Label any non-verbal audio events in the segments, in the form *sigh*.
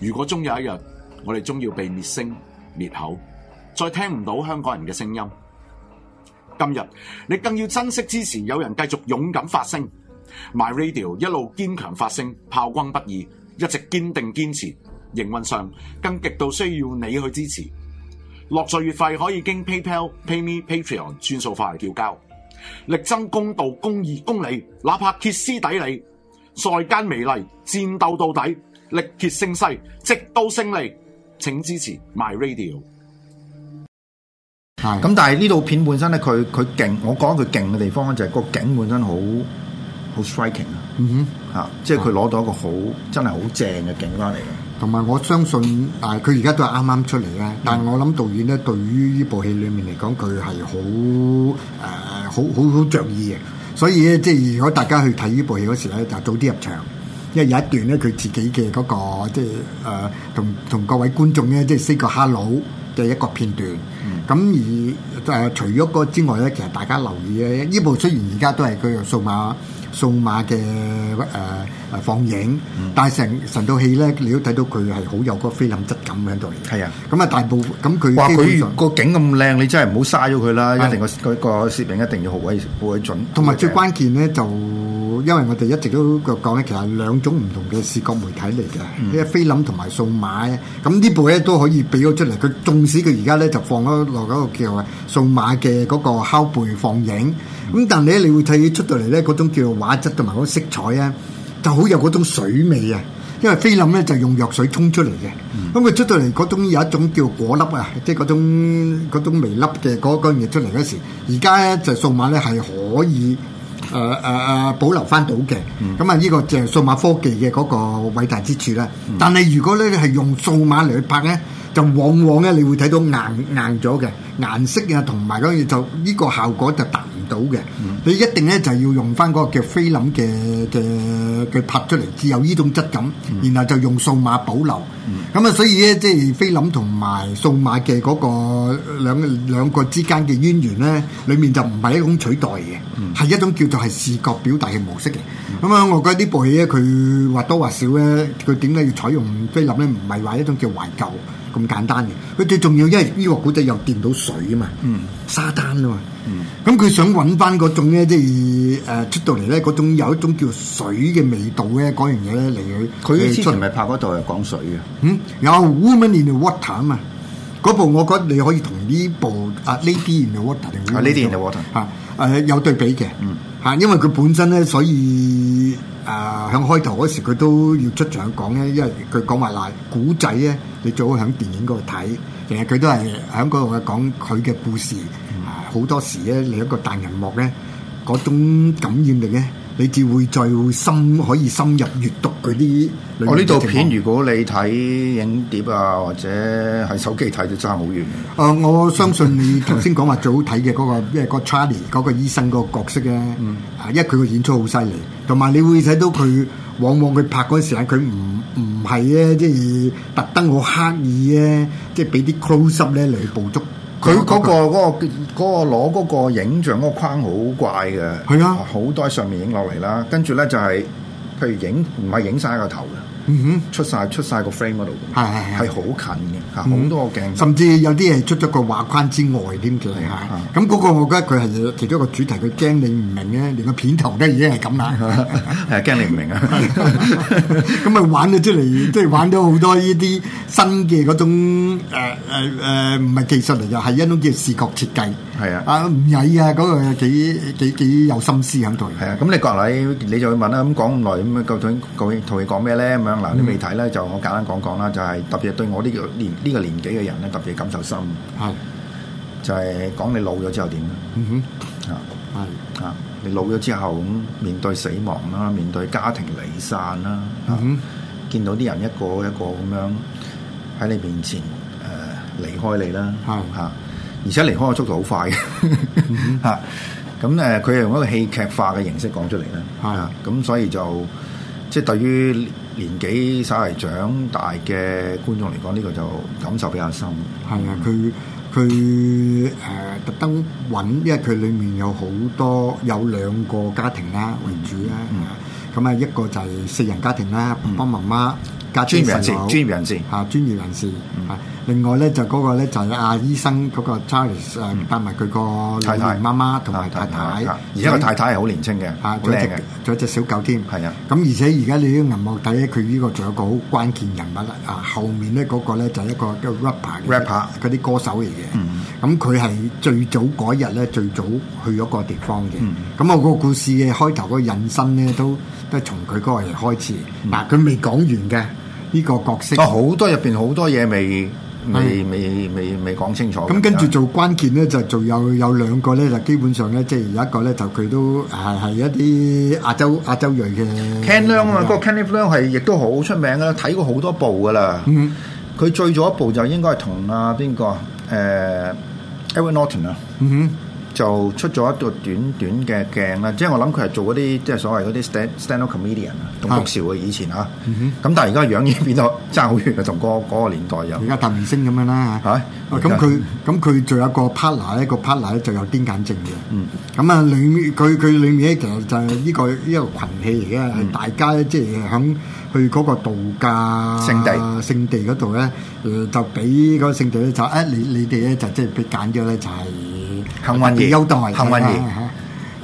如果終有一日，我哋終要被滅聲滅口，再聽唔到香港人嘅聲音。今日你更要珍惜支持，有人繼續勇敢發聲，MyRadio 一路堅強發聲，炮轟不已，一直堅定堅持。營運上更極度需要你去支持。樂助月費可以經 PayPal、PayMe、Patreon 轉數化嚟繳交。力爭公道、公義、公理，哪怕歇斯底里，在間美麗，戰鬥到底。力竭勝勢，直到勝利。請支持 My Radio。嚇是！咁但係呢套片本身咧，佢佢勁，我講佢勁嘅地方咧，就係個景本身好好 striking 啊。嗯哼，嚇、啊，即係佢攞到一個好、嗯、真係好正嘅景返嚟嘅。同埋我相信，但係佢而家都係啱啱出嚟啦。但我諗導演咧，對於呢部戲裡面嚟講，佢係、呃、好誒好好好著意嘅。所以咧，即係如果大家去睇呢部戲嗰時咧，就早啲入場。因為有一段咧，佢自己嘅嗰，那個即係誒，呃，同同各位觀眾咧，即係 say 個 hello 嘅一個片段。咁，嗯、而誒，呃、除咗嗰之外咧，其實大家留意咧，呢部雖然而家都係佢用數碼數碼嘅誒。呃啊！放映，但係成成套戲咧，你都睇到佢係好有嗰菲林質感喺度。係啊，咁啊大部咁佢話佢個景咁靚，你真係唔好嘥咗佢啦。一定個個攝影一定要好鬼好鬼準。同埋最關鍵咧，就因為我哋一直都講咧，其實係兩種唔同嘅視覺媒體嚟嘅，即係菲林同埋數碼。咁呢部咧都可以俾咗出嚟。佢縱使佢而家咧就放咗落嗰個叫數碼嘅嗰個拷貝放映，咁但係咧，你會睇出到嚟咧嗰種叫畫質同埋嗰色彩咧。就好有嗰種水味啊，因為菲林咧就用藥水沖出嚟嘅，咁佢、嗯、出到嚟嗰種有一種叫果粒啊，即係嗰種嗰種微粒嘅嗰、嗰樣嘢出嚟時，而家咧就數碼咧係可以誒誒誒保留翻到嘅，咁啊呢個就係數碼科技嘅嗰個偉大之處啦。嗯、但係如果咧你係用數碼嚟去拍咧，就往往咧你會睇到硬硬咗嘅顏色啊，同埋嗰樣嘢就呢個效果就大。到嘅，嗯、你一定咧就要用翻嗰個叫菲林嘅嘅嘅，拍出嚟，只有呢種質感，嗯、然後就用數碼保留。咁啊、嗯，嗯、所以咧即係菲林同埋數碼嘅嗰個兩兩個之間嘅淵源咧，裏面就唔係一種取代嘅，係、嗯、一種叫做係視覺表達嘅模式嘅。咁啊、嗯，嗯、我覺得呢部戲咧，佢或多或少咧，佢點解要採用菲林咧？唔係話一種叫懷舊。咁簡單嘅，佢最重要，因為呢個古仔又掂到水啊嘛，mm. 沙灘啊嘛，咁佢、mm. 嗯、想揾翻嗰種咧，即係誒、呃、出到嚟咧，嗰種有一種叫水嘅味道咧，嗰樣嘢咧嚟佢。佢之前咪拍嗰度係講水嘅，嗯，有 Woman in the Water 啊嘛，嗰部我覺得你可以同呢部啊 Lady in the Water 定、oh, 啊，啊 in the Water 嚇、呃，誒有對比嘅，嚇，mm. 因為佢本身咧，所以。誒，響、呃、開頭嗰時佢都要出場講咧，因為佢講埋嗱古仔咧，你最好喺電影嗰度睇，其實佢都係喺嗰度講佢嘅故事，好、呃、多時咧你一個大銀幕咧，嗰種感染力咧。你至會再深可以深入閲讀嗰啲。我呢套片如果你睇影碟啊，或者喺手機睇都差好遠嘅、呃。我相信你頭先講話最好睇嘅嗰個咩？ *laughs* 個 Charlie 嗰個醫生嗰個角色咧，嗯，係因為佢個演出好犀利，同埋你會睇到佢往往佢拍嗰陣時間佢唔唔係咧，即係特登好刻意咧，即係俾啲 closeup 咧嚟捕捉。佢嗰個嗰個嗰個攞嗰個影像嗰框好怪嘅，係啊，好多喺上面影落嚟啦，跟住咧就係、是，譬如影唔係影曬個頭的。嗯哼，出晒出曬個 frame 嗰度，係係係，好近嘅，好多鏡，甚至有啲嘢出咗個畫框之外添叫你？嚇是是、啊。咁嗰個我覺得佢係其中一個主題，佢驚你唔明咧，連個片頭都已經係咁啦，係驚 *laughs* 你唔明的 *laughs* 啊！咁咪玩咗出嚟，即係玩咗好多呢啲新嘅嗰種誒誒唔係技術嚟，又係一種叫視覺設計。係的啊，啊矮啊，嗰、那個幾幾有心思喺度。係啊的，咁你過嚟，你就會問啦。咁講咁耐，咁究竟究竟同你講咩咧？咁樣。嗱，你未睇咧，就我簡單講講啦，就係特別對我呢個年呢個年紀嘅人咧，特別感受深。係，就係講你老咗之後點啦。嗯哼，係啊，你老咗之後咁面對死亡啦，面對家庭離散啦，嗯，見到啲人一個一個咁樣喺你面前誒離開你啦，吓，而且離開嘅速度好快吓，咁誒，佢用一個戲劇化嘅形式講出嚟咧，係啊，咁所以就。即係對於年紀稍為長大嘅觀眾嚟講，呢、這個就感受比較深。係啊，佢佢誒特登揾，因為佢裡面有好多有兩個家庭啦、啊，為主啦。咁啊，嗯、一個就係四人家庭啦、啊，爸爸媽媽。專業人士，專業人士嚇，專業人士。另外咧，就嗰個咧就阿醫生嗰個 Charles 誒，帶埋佢個奶奶媽媽同埋太太。而家個太太係好年青嘅，好靚嘅，仲有隻小狗添。係啊，咁而且而家你喺銀幕底咧，佢呢個仲有個好關鍵人物啦。啊，後面咧嗰個咧就係一個叫 rapper，rapper 嗰啲歌手嚟嘅。咁佢係最早嗰日咧，最早去咗個地方嘅。咁我個故事嘅開頭嗰個引申咧，都都從佢嗰個嚟開始。嗱，佢未講完嘅。呢個角色啊，好多入邊好多嘢未是未未未未，未講清楚。咁、嗯、跟住做關鍵咧，就做有有兩個咧，就基本上咧，即係有一個咧，就佢都係係一啲亞洲亞洲裔嘅。Ken Leung 啊，個 Ken Leung 係亦都好出名啦，睇過好多部噶啦。佢、嗯、哼最早一部就應該係同啊邊個誒 Edward Norton 啊。呃 n 嗯、哼。就出咗一個短短嘅鏡啦，即係我諗佢係做嗰啲即係所謂嗰啲 stand stand up comedian 啊，棟篤笑啊，以前嚇。咁的但係而家樣樣變咗真係好遠啊，同嗰嗰個年代有。而家大明星咁樣啦嚇。咁佢咁佢仲有個 partner，一個 partner part 就有癲癇症嘅。咁啊、嗯，裏面佢佢裏面咧其實就係呢、這個依、這個羣戲嚟嘅，嗯、大家即係響去嗰個度假聖地聖地嗰度咧，就俾嗰個聖地咧就誒、啊、你你哋咧就即係被揀咗咧就係、是。幸運嘅優待，幸運嘅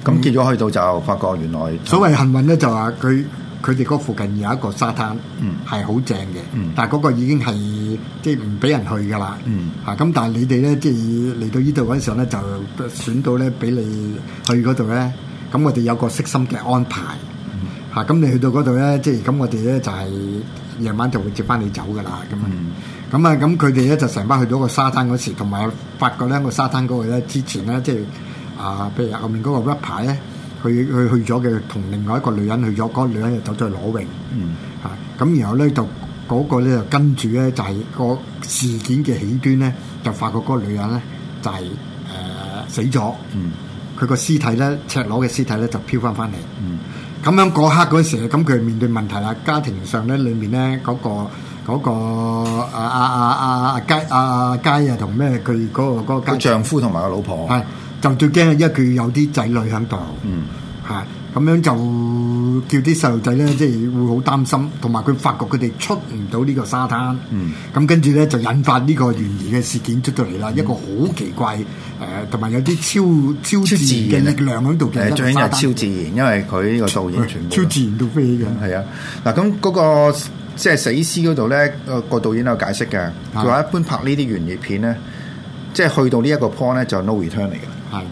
咁結咗去到就發覺原來所謂幸運咧，就話佢佢哋嗰附近有一個沙灘，嗯，係好正嘅，嗯，但係嗰個已經係即係唔俾人去㗎啦，嗯，嚇、啊，咁但係你哋咧即係嚟到呢度嗰陣時候咧，就選到咧俾你去嗰度咧，咁、嗯、我哋有個悉心嘅安排。嚇！咁你、嗯、去到嗰度咧，即係咁我哋咧就係夜晚就會接翻你走噶啦，咁咁啊咁佢哋咧就成班去到、個沙灘嗰時，同埋發覺咧個沙灘嗰個咧之前咧即係啊、呃，譬如後面嗰個 rapper 咧，佢佢去咗嘅，同另外一個女人去咗，嗰、嗰個女人就、嗰個嗯、走咗去裸泳，嚇、啊、咁然後咧、嗰個、就嗰個就跟住咧就係個事件嘅起端咧，就發覺嗰個女人咧就係、係、誒、呃、死咗，佢個、嗯、屍體咧赤裸嘅屍體咧就漂翻翻嚟。嗯咁樣嗰刻嗰時咧，咁佢面對問題啦，家庭上咧、那個，裏面咧嗰個嗰個啊啊啊啊啊佳，啊啊佳啊同咩佢嗰個嗰丈夫同埋個老婆，係就最驚，因為佢有啲仔女喺度，嗯、mm，係、hmm. 咁樣就。叫啲細路仔咧，即係會好擔心，同埋佢發覺佢哋出唔到呢個沙灘。嗯，咁跟住咧就引發呢個懸疑嘅事件出到嚟啦。嗯、一個好奇怪誒，同、呃、埋有啲超超自然嘅力量喺度嘅。呃、最緊係超自然，因為佢呢個導演全部超自然到飛嘅。係啊，嗱咁嗰個即係死屍嗰度咧，個、呃、導演都有解釋嘅。佢話的一般拍呢啲懸疑片咧，即係去到呢一個 point 咧就 no return 嚟嘅的。係的，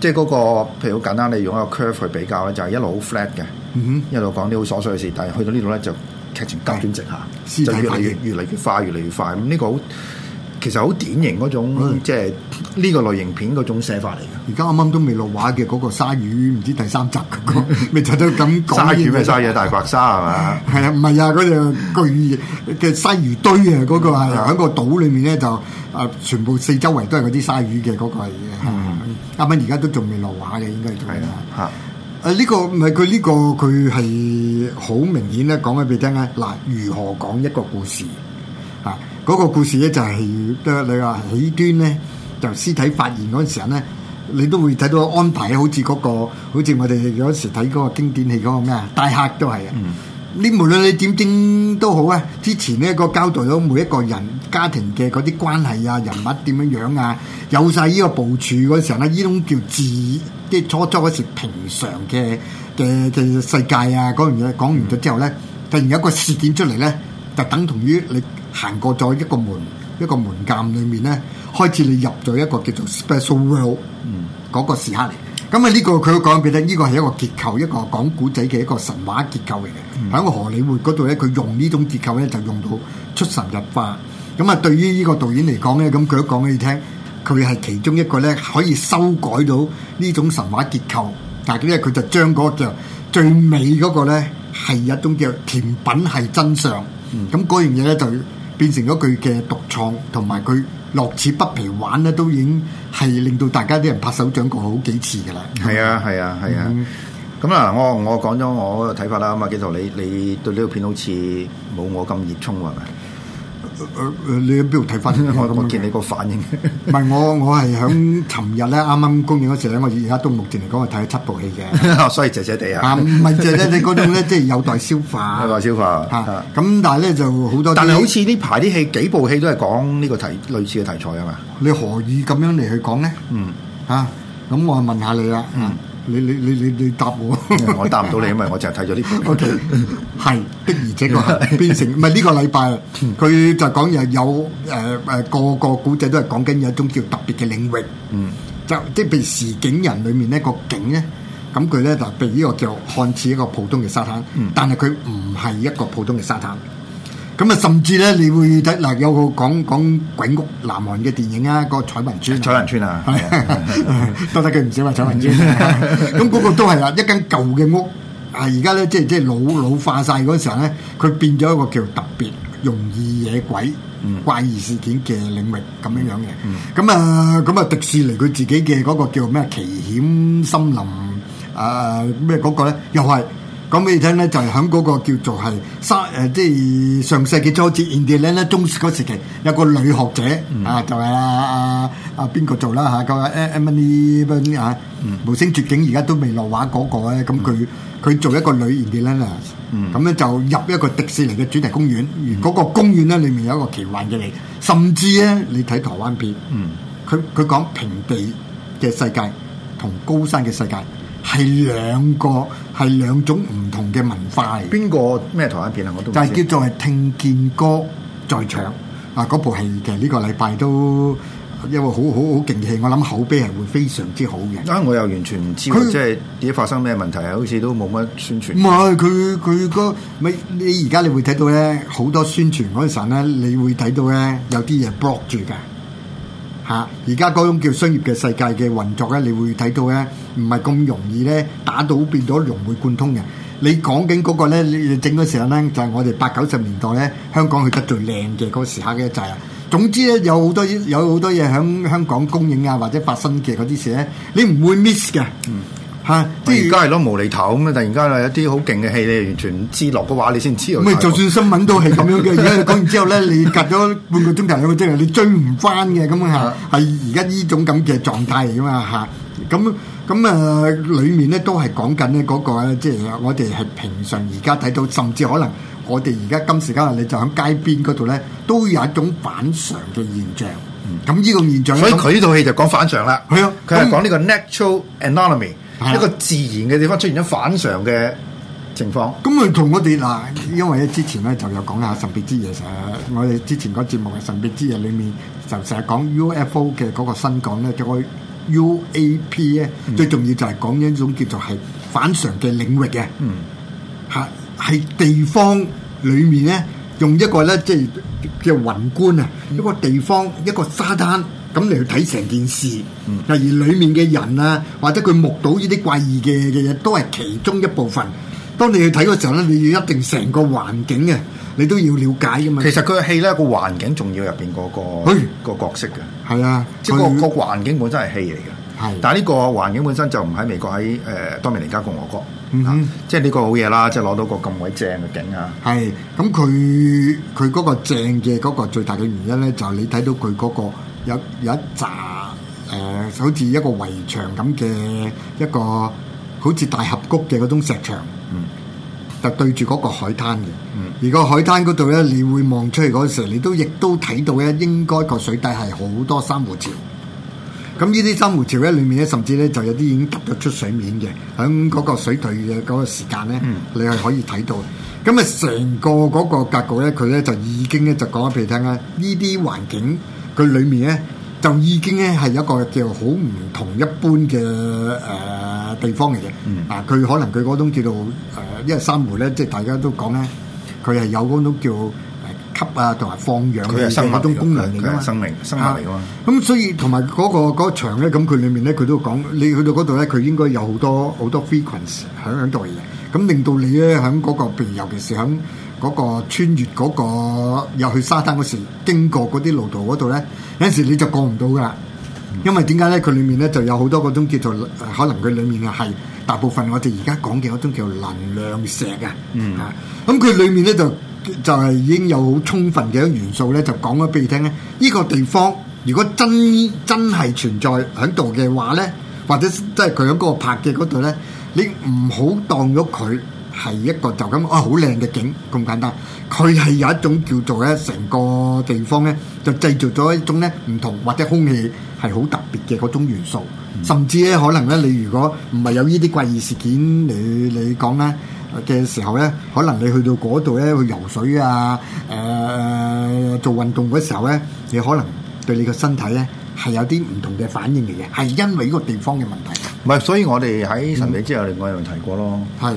即係嗰個譬如好簡單，你用一個 curve 去比較咧，就係一路好 flat 嘅。一路講啲好瑣碎嘅事，但係去到呢度咧就劇情急轉直下，就越嚟越越嚟越快，越嚟越快。咁呢個好其實好典型嗰種即係呢個類型片嗰種寫法嚟嘅。而家啱啱都未落畫嘅嗰個鯊魚，唔知第三集嘅咩就都咁鯊魚咩鯊嘢？大白鯊係嘛？係啊，唔係啊，嗰隻巨嘅鯊魚堆啊，嗰個係喺個島裏面咧就啊，全部四周圍都係嗰啲鯊魚嘅，嗰個係啱啱而家都仲未落畫嘅，應該係仲未啊。誒呢、啊這個唔係佢呢個佢係好明顯咧，講起俾你聽咧。嗱，如何講一個故事啊？嗰、那個故事咧就係、是，即、啊、你話起端咧，就屍體發現嗰陣時咧，你都會睇到安排好似嗰、那個，好似我哋有時睇嗰個經典戲嗰個咩啊，大客都係啊。嗯無你無論你點整都好啊！之前咧個交代咗每一個人家庭嘅啲關係啊、人物點樣樣啊，有晒呢個部署時候咧，呢種叫自即係初初時平常嘅嘅嘅世界啊，樣嘢講完咗之後咧，突然有個事件出嚟咧，就等同於你行過咗一個門一個門檻裏面咧，開始你入咗一個叫做 special world 嗰、嗯那個時刻嚟。咁啊呢個佢都講俾你聽，呢個係一個結構，一個講古仔嘅一個神話結構嚟嘅。喺、嗯《荷里活》嗰度咧，佢用呢種結構咧就用到出神入化。咁啊，對於呢個導演嚟講咧，咁佢都講俾你聽，佢係其中一個咧可以修改到呢種神話結構。但係咧，佢就將嗰個最尾嗰個咧係一種叫甜品係真相。咁嗰樣嘢咧就變成咗佢嘅獨創同埋佢。樂此不疲玩咧，都已經係令到大家啲人拍手掌過好幾次㗎啦。係啊，係啊，係啊。咁啊、嗯，我我講咗我嘅睇法啦，阿紀陶，你你對呢個片好似冇我咁熱衷係咪？誒、呃、你喺邊度睇翻？我都冇見你個反應。唔 *laughs* 係我，我係響尋日咧，啱啱公映嗰時咧，我而家都目前嚟講，我睇咗七部戲嘅，所以藉藉地啊。啊，唔係藉藉，你嗰種咧，即係有待消化。 *laughs* 有待消化。吓、啊，咁但係咧就多好多。但係好似呢排啲戲，幾部戲都係講呢個題類似嘅題材啊嘛。 *laughs* 你何以咁樣嚟去講咧？嗯。吓、啊，咁我問，問下你啦。嗯。你你你你你答我？ *laughs* 我答唔到你，因為我就係睇咗呢個。O K，係的而且確 *laughs* 變成唔係呢個禮拜，佢就講有誒誒、呃、個個古仔都係講緊有一種叫特別嘅領域。嗯，就即係譬如《時境人》裏面呢、呢個境咧，咁佢咧就被呢個叫看似一個普通嘅沙灘，嗯、但係佢唔係一個普通嘅沙灘。咁啊，甚至咧，你會睇嗱，有個講講鬼屋南韓嘅電影啊，個彩雲村，彩雲村啊，多得佢唔少啊，彩雲村。咁嗰個都係啊，一間舊嘅屋啊，而家咧即係即係老老化晒嗰時候咧，佢變咗一個叫特別容易惹鬼怪異事件嘅領域咁樣樣嘅。咁啊，咁啊，迪士尼佢自己嘅嗰個叫咩？奇險森林啊，咩嗰個咧，又係。講俾你聽咧，就係喺嗰個叫做係三誒，即、呃、係上世紀初至現代咧咧，中時嗰時期，有個女學者啊，就係阿阿阿邊個做啦吓，個 Emily 啊，無聲絕境而家都未落畫嗰個咧，咁佢佢做一個女現代咧啦，咁咧就入一個迪士尼嘅主題公園，嗰個公園咧裏面有一個奇幻嘅嘢，甚至咧你睇台灣片，佢佢講平地嘅世界同高山嘅世界。係兩個，係兩種唔同嘅文化嚟。邊個咩台灣片啊？我都但係叫做係聽見歌再唱啊！嗰部戲其實呢個禮拜都因為好好好勁氣，我諗口碑係會非常之好嘅。啊！我又完全唔知，佢他，即係自己發生咩問題啊？好似都冇乜宣傳。唔係佢佢個咪你而家你會睇到咧，好多宣傳嗰陣咧，你會睇到咧有啲嘢 block 住㗎。嚇！而家嗰種叫商業嘅世界嘅運作咧，你會睇到咧，唔係咁容易咧打到變咗融會貫通嘅。你講緊嗰個咧，你整嗰時刻咧，就係、是、我哋八九十年代咧，香港去得最靚嘅嗰時刻嘅就係、是。總之咧，有好多有好多嘢喺香港供應啊，或者發生嘅嗰啲事咧，你唔會 miss 嘅。嗯吓，即係而家係攞無厘頭咁啊！突然間啊，有啲好勁嘅戲，你完全唔知落嘅話，你先知落。咁咪就算新聞都係咁樣嘅，而家講完之後咧，你隔咗半個鐘頭兩個鐘頭，你追唔翻嘅咁啊！係而家呢種咁嘅狀態嚟噶嘛嚇。咁咁啊，裡面咧都係講緊呢嗰個咧，即係我哋係平常而家睇到，甚至可能我哋而家今時今日你就喺街邊嗰度咧，都有一種反常嘅現象。咁呢個現象，所以佢呢套戲就講反常啦。係啊，佢係講呢個 natural anomaly。一個自然嘅地方出現咗反常嘅情況，咁佢同我哋嗱，因為咧之前咧就有講下神秘之夜，其實我哋之前嗰節目嘅神秘之夜裏面就成日講 UFO 嘅嗰個新講咧，叫 UAP 咧，最重要就係講一種叫做係反常嘅領域嘅，嗯，係係地方裏面咧，用一個咧即係嘅宏觀啊，一個地方一個沙灘。咁你去睇成件事，例如，嗯、裡面嘅人啊，或者佢目睹呢啲怪異嘅嘅嘢，都係其中一部分。當你去睇嗰時候咧，你要一定成個環境嘅，你都要了解噶嘛。其實佢嘅戲咧，個環境仲要入邊嗰個角色嘅。係啊，即係個個環境本身係戲嚟嘅。係，啊，但係呢個環境本身就唔喺美國，喺誒，呃、多米尼加共和國。嗯哼，即係呢個好嘢啦，即係攞到個咁鬼正嘅景啊。係，咁佢佢嗰個正嘅嗰個最大嘅原因咧，就係，是，你睇到佢嗰、那個。有有一扎誒、呃，好似一個圍牆咁嘅一個，好似大峽谷嘅嗰種石牆，嗯，就對住嗰個海灘嘅，嗯，而個海灘嗰度咧，你會望出嚟嗰時候，你都亦都睇到咧，應該個水底係好多珊瑚礁。咁呢啲珊瑚礁咧，裡面咧，甚至咧就有啲已經凸咗出水面嘅，喺嗰個水退嘅嗰個時間咧，嗯，你係可以睇到。咁啊，成個嗰個格局咧，佢咧就已經咧就講俾你聽啦，呢啲環境。佢裡面咧就已經咧係一個叫做好唔同一般嘅，誒、呃、地方嚟嘅，啊佢、嗯、可能佢嗰種叫做誒、呃，因為珊瑚咧，即係大家都講咧，佢係有嗰種叫吸啊同埋放氧嘅嗰種功能嚟嘅嘛。生命，啊、生命，生命嚟嘅嘛。咁、啊、所以同埋嗰個嗰、那個、場咧，咁佢裡面咧，佢都講你去到嗰度咧，佢應該有好多好多 frequencies 響喺度嘅，咁令到你咧喺嗰個譬如，尤其是喺。嗰個穿越嗰個、嗰個入去沙灘嗰時，經過嗰啲路途嗰度呢，有陣時你就過唔到噶喇，因為點解呢？佢裡面呢就有好多嗰種叫做，可能佢裡面啊係大部分我哋而家講嘅嗰種叫做能量石、嗯、啊，嚇、嗯！咁佢裡面呢就就係、係、已經有好充分嘅元素呢，就講咗俾你聽呢：呢、呢個地方如果真真係存在喺度嘅話呢，或者即係佢喺嗰個拍嘅嗰度呢，你唔好當咗佢。係一個就咁啊，好靚嘅景咁簡單。佢係有一種叫做咧，成個地方咧就製造咗一種咧唔同或者空氣係好特別嘅嗰種元素。甚至咧，可能咧你如果唔係有呢啲怪異事件，你你講咧嘅時候咧，可能你去到嗰度咧去游水啊、誒做運動嗰時候咧，你可能對你個身體咧係有啲唔同嘅反應嚟嘅，係因為呢個地方嘅問題。唔係，所以我哋喺神秘之後，另外又提過咯。係。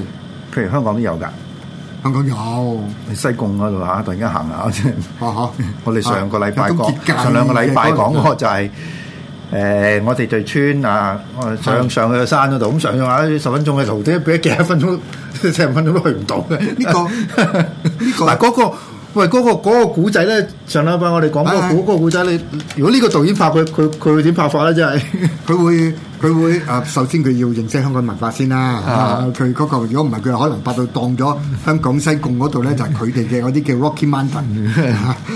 譬如香港都有噶，香港有喺西貢嗰度嚇，突然間行下即、啊、 *laughs* 我哋上個禮拜講，啊、上兩個禮拜講嗰就係、是、誒、呃，我哋對村啊，我哋上上去個山嗰度咁上去話、啊，十分鐘嘅路，點都俾幾十分鐘、四十分鐘都去唔到嘅。呢、 *laughs* 呢個呢、呢個嗱， *laughs* 嗰、嗰個喂，嗰、嗰個古仔咧，上兩禮拜我哋講嗰古個古仔，你、啊、如果呢個導演拍佢，佢佢會點拍法咧？就係佢會。佢會誒，首先佢要認識香港文化先啦。佢嗰、啊啊嗰個如果唔係，佢可能百到當咗香港西貢嗰度咧，就係佢哋嘅嗰啲叫 Rocky Mountain，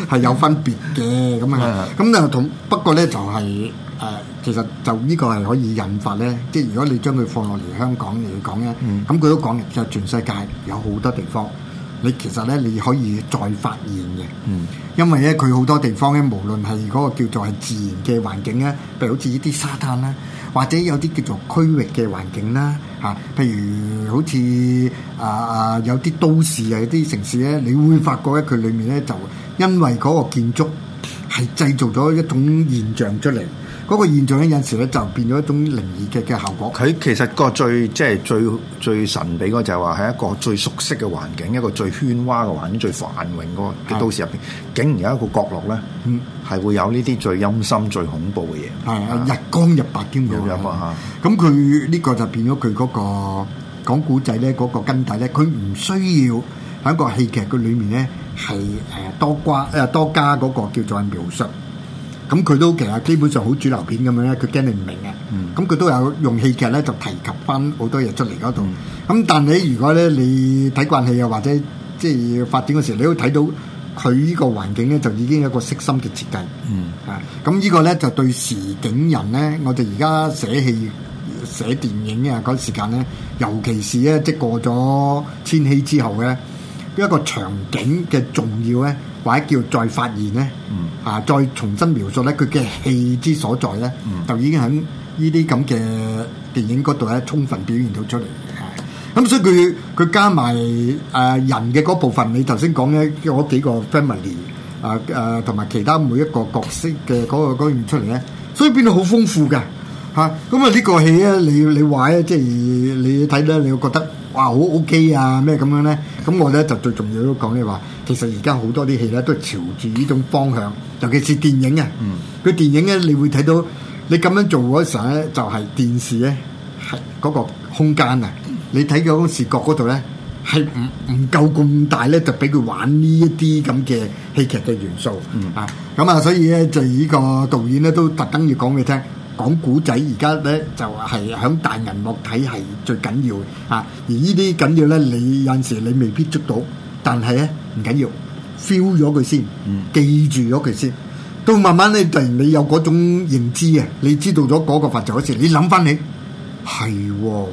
係 *laughs* 有分別嘅咁啊。咁啊，同 *laughs* 不過咧就係、是、誒、啊，其實就呢個係可以引發咧。即係如果你將佢放落嚟香港嚟講咧，咁佢、嗯、都講就全世界有好多地方。你其實咧，你可以再發現嘅，嗯，因為咧，佢好多地方咧，無論係嗰個叫做係自然嘅環境咧，譬如好似呢啲沙灘啦，或者有啲叫做區域嘅環境啦，嚇，譬如好似啊啊，有啲都市啊，有啲城市咧，你會發覺咧，佢裡面咧就因為嗰個建築係製造咗一種現象出嚟。嗰個現象咧，有時咧就變咗一種靈異劇嘅效果。佢其實個最即係最最神秘個就係話，喺一個最熟悉嘅環境，一個最喧嘩嘅環境，最繁榮個都市入邊，竟然有一個角落咧，嗯，係會有呢啲最陰森、最恐怖嘅嘢。係的的日光日白兼咁樣吓。咁佢呢個就變咗佢嗰個講古仔咧，嗰、嗰個根底咧，佢唔需要喺個戲劇佢裏面咧係誒多瓜誒多加嗰個叫做描述。咁佢都其實基本上好主流片咁樣咧，佢驚你唔明啊。咁佢、嗯、都有用戲劇咧就提及翻好多嘢出嚟嗰度。咁、嗯、但你如果咧你睇慣戲又或者即係發展嘅時候，你都睇到佢呢個環境咧，就已經有一個悉心嘅設計。嗯，係、嗯。咁呢個咧就對時景人咧，我哋而家寫戲、寫電影啊、嗰、那個、時間咧，尤其是咧即係過咗千禧之後咧。一個場景嘅重要咧，或者叫再發現咧，mm. 啊，再重新描述咧，佢嘅戲之所在咧，mm. 就已經喺呢啲咁嘅電影嗰度咧，充分表現到出嚟。咁、mm. 嗯、所以佢佢加埋誒、啊、人嘅嗰部分，你頭先講嘅嗰幾個 family 啊啊，同埋其他每一個角色嘅嗰個表現出嚟咧，所以變到好豐富㗎吓。咁啊呢、嗯嗯呢個戲咧，你你話咧，即係你睇咧，你會覺得？哇，好 O K 啊，咩咁樣咧？咁我咧就最重要都講咧話，其實而家好多啲戲咧都係朝住呢種方向，尤其是電影啊。嗯。佢電影咧，你會睇到你咁樣做嗰陣咧，就係、是、電視咧，係嗰是個空間啊。你睇嗰個視覺嗰度咧，係唔唔夠咁大咧，就俾佢玩呢一啲咁嘅戲劇嘅元素。嗯。啊。咁啊，所以咧就呢個導演咧都特登要講俾你聽。講古仔而家咧就係、是、喺大銀幕睇係最緊要嘅、啊、而要呢啲緊要咧你有陣時你未必捉到，但係咧唔緊要、嗯、feel 咗佢先，記住咗佢先，到慢慢咧突然你有嗰種認知啊，你知道咗嗰個法則嗰時你諗翻起係喎，咁、哦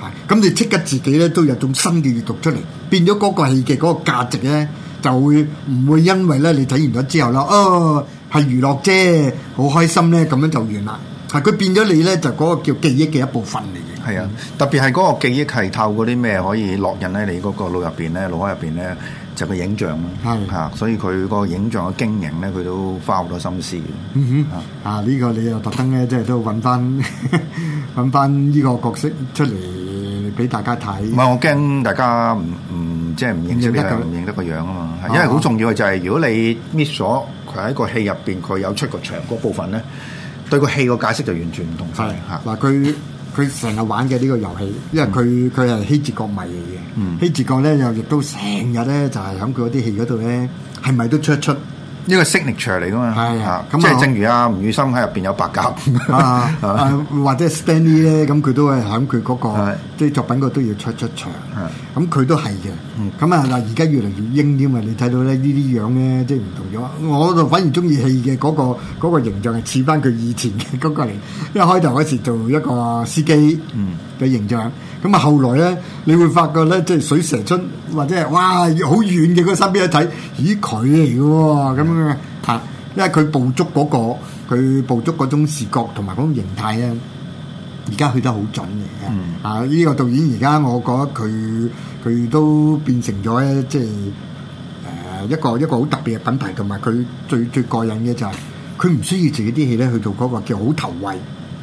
啊、你即刻自己咧都有種新嘅閲讀出嚟，變咗嗰個戲嘅嗰、那個價值咧就會唔會因為咧你睇完咗之後啦，哦係娛樂啫，好開心咧咁樣就完啦。係佢變咗你咧，就嗰、是、個叫記憶嘅一部分嚟嘅。係啊，嗯、特別係嗰個記憶係透過啲咩可以落印喺你嗰個腦入邊咧、腦海入邊咧，就是、個影像咯。係是的、啊、所以佢個影像嘅經營咧，佢都花好多心思。嗯哼，啊呢、啊、個你又特登咧，即、就、係、是、都揾翻揾翻呢個角色出嚟俾大家睇。唔係，我驚大家唔唔即係唔認識唔認得，認得個樣啊嘛。因為好重要嘅就係，如果你 miss 咗佢喺個戲入邊佢有出個場嗰部分咧。對個戲個解釋就完全唔同曬。嗱是，佢佢成日玩嘅呢個遊戲，嗯、因為佢佢係希治閣迷嚟嘅。嗯、希治閣咧又亦都成日咧就係喺佢嗰啲戲嗰度咧，係咪都出一出？呢個 signature 嚟噶嘛？係啊，啊即係正如阿吳宇森喺入邊有白鴿，或者 Stanley 咧，咁佢都係喺佢嗰個啲、啊、作品度都要出出場。咁佢、啊、都係嘅。咁、嗯、啊嗱，而家越嚟越英啲嘛？你睇到咧呢啲樣咧，即係唔同咗。我就反而中意戲嘅嗰個、嗰個形象係似翻佢以前嘅嗰、嗰個嚟。一開頭嗰時做一個司機。嗯嗯嘅形象，咁啊後來咧，你會發覺咧，即係水蛇春，或者係哇，好遠嘅嗰身邊一睇，咦，佢嚟嘅喎，咁樣嚇，因為佢捕捉嗰、嗰個，佢捕捉嗰種視覺同埋嗰種形態咧，而家去得好準嘅，嚇呢、嗯啊呢個導演而家我覺得佢佢都變成咗咧，即係誒一個一個好特別嘅品牌，同埋佢最最過癮嘅就係佢唔需要自己啲戲咧去做嗰、嗰個叫好投喂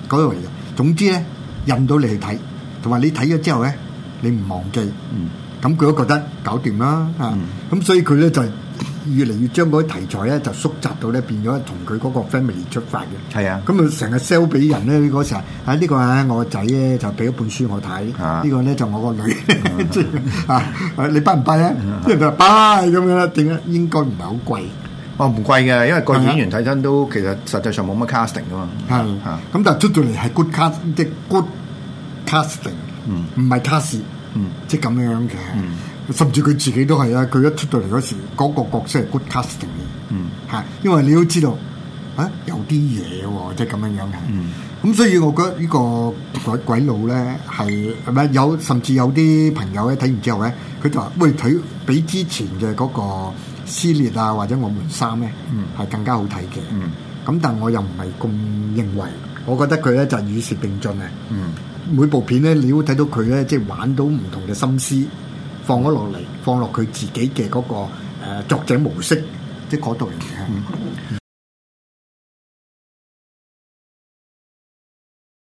嗰度嚟嘅，總之咧。引到你去睇，同埋你睇咗之後咧，你唔忘記，咁佢都覺得搞掂啦嚇，咁所以佢咧就越嚟越將嗰啲題材咧就縮窄到咧變咗同佢嗰個 family 出發嘅，係啊，咁啊成日 sell 俾人咧嗰時啊，呢個啊我個仔咧就俾咗本書我睇，呢個咧就我個女，啊，你 buy 唔 buy 咧？啲人就 buy 咁樣啦，點解？應該唔係好貴，我唔貴嘅，因為個演員睇真都其實實際上冇乜 casting 噶嘛，係啊，咁但係出到嚟係 good cast 即係 good。casting，唔係 casting，即咁樣嘅，嗯、甚至佢自己都係啊！佢一出到嚟嗰時，嗰個角色係 good casting，吓、嗯，因為你都知道啊，有啲嘢喎，即係咁樣樣嘅。咁、嗯嗯、所以我覺得呢個鬼鬼佬咧係，唔係有甚至有啲朋友咧睇完之後咧，佢就話喂，佢比之前嘅嗰個撕裂啊或者我們三咧，係更加好睇嘅。咁、嗯嗯、但係我又唔係咁認為，我覺得佢咧就與時並進啊。每部片咧，你都睇到佢咧，即係玩到唔同嘅心思，放咗落嚟，放落佢自己嘅嗰、嗰個誒、呃、作者模式，即係嗰度嘅。嗯 *laughs*